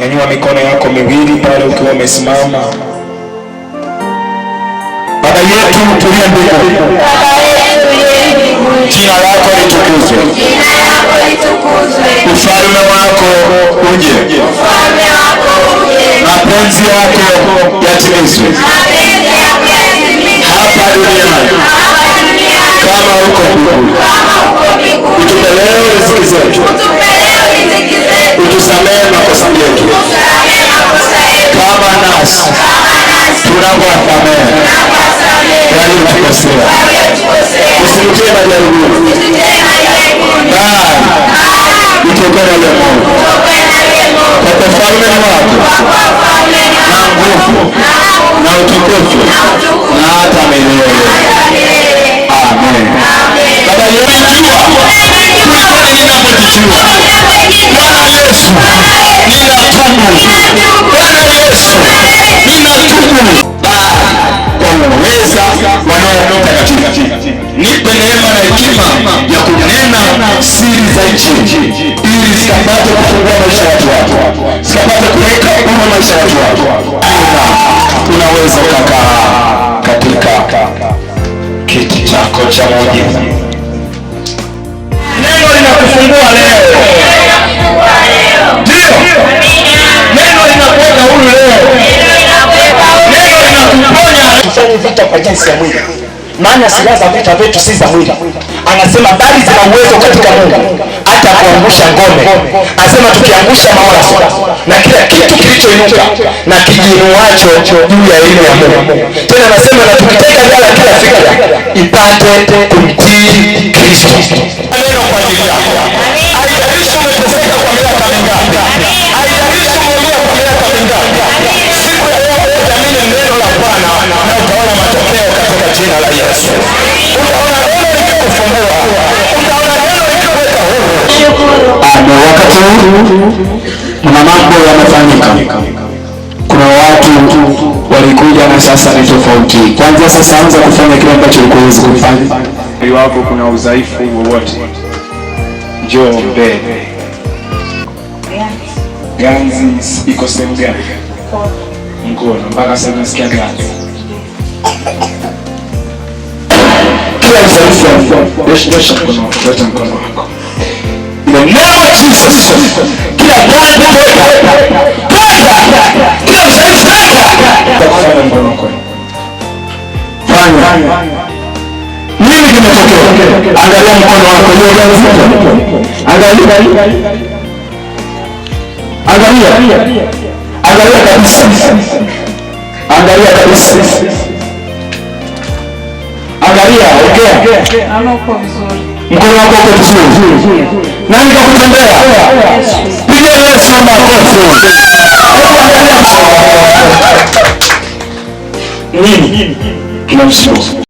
Nyanyua mikono yako miwili pale ukiwa umesimama. Baba yetu tuliye mbinguni, jina lako litukuzwe, ufalme wako uje, mapenzi yako yatimizwe hapa duniani kama huko mbinguni. Mungu asamehe yaliyotukosea, usitutie majaribio, bali itokane na kwa ufalme ni wako na nguvu na utukufu na hata milele. Amen. Baba, ninajua kuliko ninavyojijua, Bwana Yesu, ninatoa kama maisha ya watu wako. Unaweza ukakaa katika kiti chako cha muujiza. Neno linakufungua leo, ndio neno linakuweka huru leo, neno linakuponya. Tufanye vita kwa jinsi ya mwili, maana silaha za vita vyetu si za mwili. Anasema bali zina uwezo katika kuangusha ngome, asema tukiangusha maola na kila kitu kilichoinuka na kijinuacho juu ya elimu ya Mungu. Tena anasema na tukiteka nyara kila siku ipate kumtii kuna mambo yamefanyika, kuna watu walikuja na sasa ni tofauti. Kwanza sasa, anza kufanya kile ambacho ulikuwa huwezi kufanya. Iwapo kuna udhaifu wowote, njoo mbele. Ganzi iko sehemu gani? Mkono mpaka sasa nasikia ganzi. Kila udhaifu, mkono, nyosha mkono wako. Nini kimetokea? Angalia mkono wako, angalia kabisa, angalia kabisa, angalia. Ongea, mkono wako uko vizuri na nikakutembea. Pigia Yesu makofi. Nini kinamsukuma?